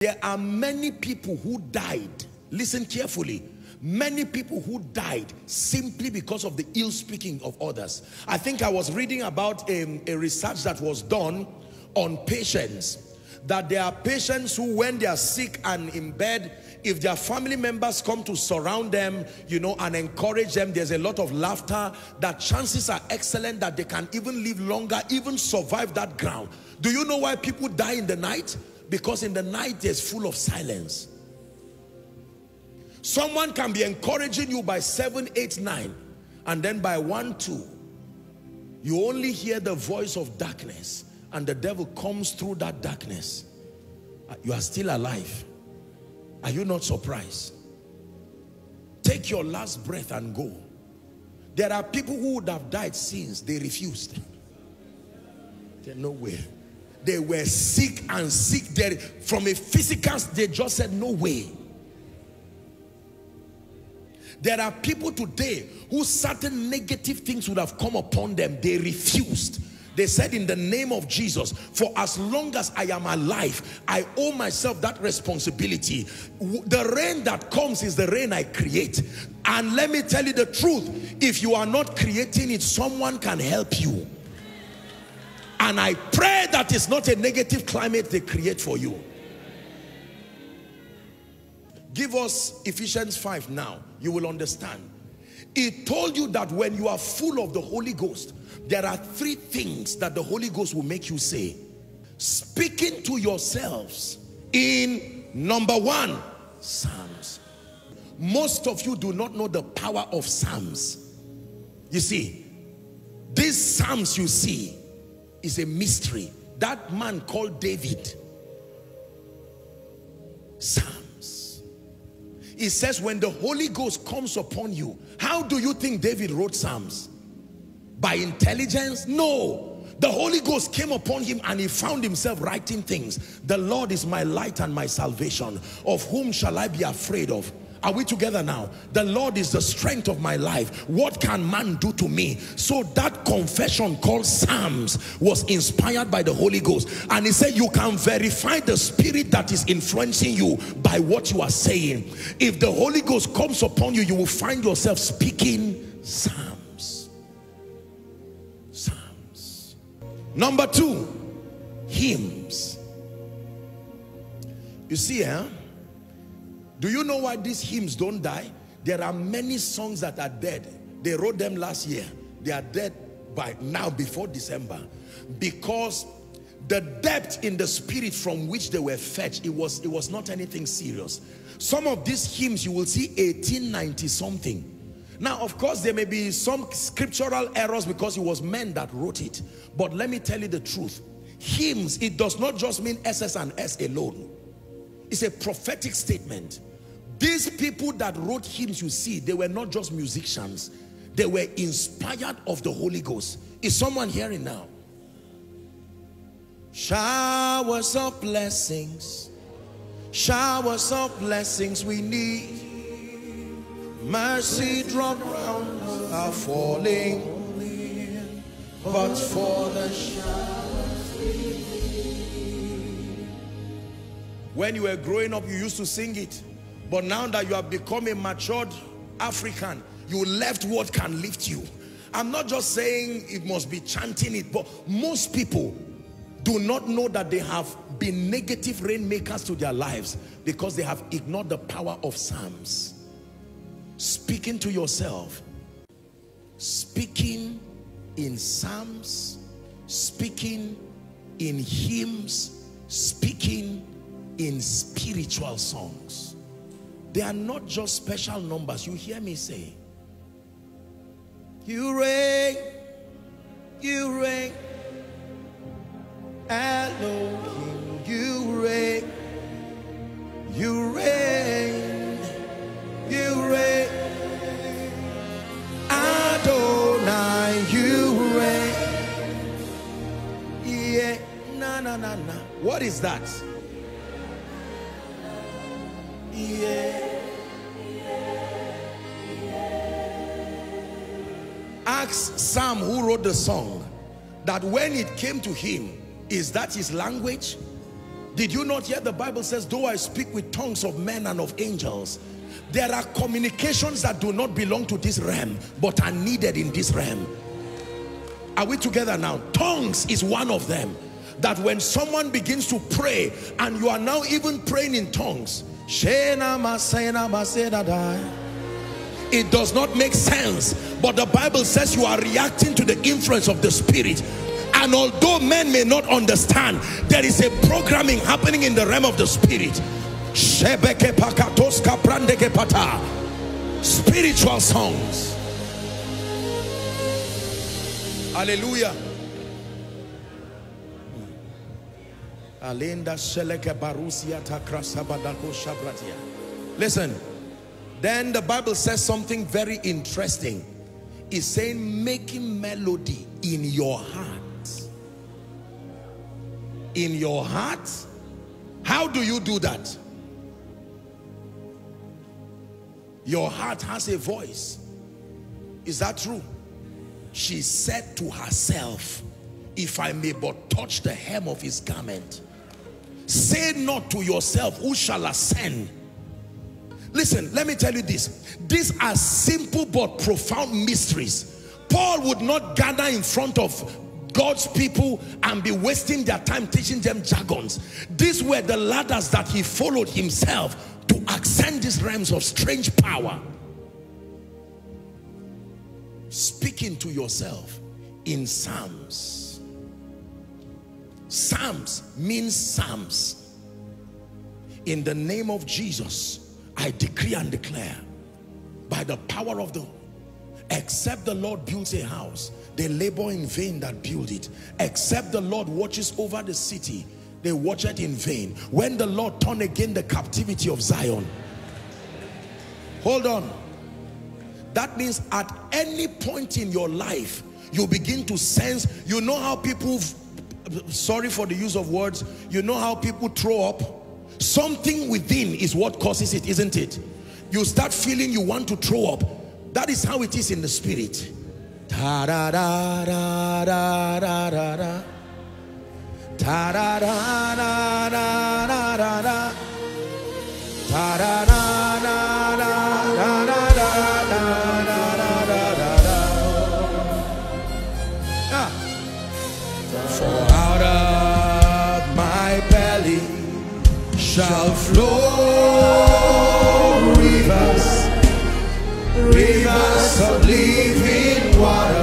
There are many people who died. Listen carefully. Many people who died simply because of the ill speaking of others. I think I was reading about a, um, a research that was done on patients. That there are patients who when they are sick and in bed, if their family members come to surround them, you know, and encourage them, there's a lot of laughter, that chances are excellent that they can even live longer, even survive that ground. Do you know why people die in the night? Because in the night there's full of silence. Someone can be encouraging you by 7, 8, 9. And then by 1, 2, you only hear the voice of darkness. And the devil comes through that darkness. Uh, you are still alive. Are you not surprised? Take your last breath and go. There are people who would have died since they refused. they no way. They were sick and sick there. From a physical, they just said, no way. There are people today who certain negative things would have come upon them. They refused. They said in the name of Jesus, for as long as I am alive, I owe myself that responsibility. The rain that comes is the rain I create. And let me tell you the truth, if you are not creating it, someone can help you. And I pray that it's not a negative climate they create for you. Give us Ephesians 5 now. You will understand. It told you that when you are full of the Holy Ghost, there are three things that the Holy Ghost will make you say. Speaking to yourselves in number one, Psalms. Most of you do not know the power of Psalms. You see, these Psalms you see, is a mystery. That man called David, Psalms. It says when the Holy Ghost comes upon you, how do you think David wrote Psalms? By intelligence? No. The Holy Ghost came upon him and he found himself writing things. The Lord is my light and my salvation. Of whom shall I be afraid of? Are we together now? The Lord is the strength of my life. What can man do to me? So that confession called Psalms was inspired by the Holy Ghost. And he said, you can verify the spirit that is influencing you by what you are saying. If the Holy Ghost comes upon you, you will find yourself speaking Psalms. Psalms. Number two, hymns. You see, eh? Do you know why these hymns don't die? There are many songs that are dead. They wrote them last year. They are dead by now before December because the depth in the spirit from which they were fetched, it was, it was not anything serious. Some of these hymns, you will see 1890 something. Now, of course, there may be some scriptural errors because it was men that wrote it. But let me tell you the truth. Hymns, it does not just mean SS and S alone. It's a prophetic statement. These people that wrote hymns you see, they were not just musicians. They were inspired of the Holy Ghost. Is someone hearing now? Showers of blessings. Showers of blessings we need. Mercy drop round are falling. But for the showers we need. When you were growing up, you used to sing it. But now that you have become a matured African, you left what can lift you. I'm not just saying it must be chanting it, but most people do not know that they have been negative rainmakers to their lives because they have ignored the power of Psalms. Speaking to yourself, speaking in Psalms, speaking in hymns, speaking in spiritual songs. They are not just special numbers. You hear me say, you reign, you reign, Elohim, you reign, you reign, you reign, Adonai, you reign. Yeah, na na na na. What is that? Ask Sam who wrote the song that when it came to him, is that his language? Did you not hear the Bible says, though I speak with tongues of men and of angels, there are communications that do not belong to this realm, but are needed in this realm. Are we together now? Tongues is one of them. That when someone begins to pray and you are now even praying in tongues, it does not make sense, but the Bible says you are reacting to the influence of the Spirit. And although men may not understand, there is a programming happening in the realm of the Spirit. Spiritual songs. Hallelujah. Listen, then the Bible says something very interesting. It's saying making melody in your heart. In your heart? How do you do that? Your heart has a voice. Is that true? She said to herself, if I may but touch the hem of his garment. Say not to yourself, who shall ascend? Listen, let me tell you this. These are simple but profound mysteries. Paul would not gather in front of God's people and be wasting their time teaching them jargons. These were the ladders that he followed himself to ascend these realms of strange power. Speaking to yourself in psalms Psalms means Psalms. In the name of Jesus, I decree and declare by the power of the except the Lord builds a house, they labor in vain that build it. Except the Lord watches over the city, they watch it in vain. When the Lord turn again the captivity of Zion. Hold on. That means at any point in your life, you begin to sense, you know how people sorry for the use of words, you know how people throw up? Something within is what causes it, isn't it? You start feeling you want to throw up. That is how it is in the spirit. Ta da da da da da da da da da da da shall flow rivers, rivers of living water.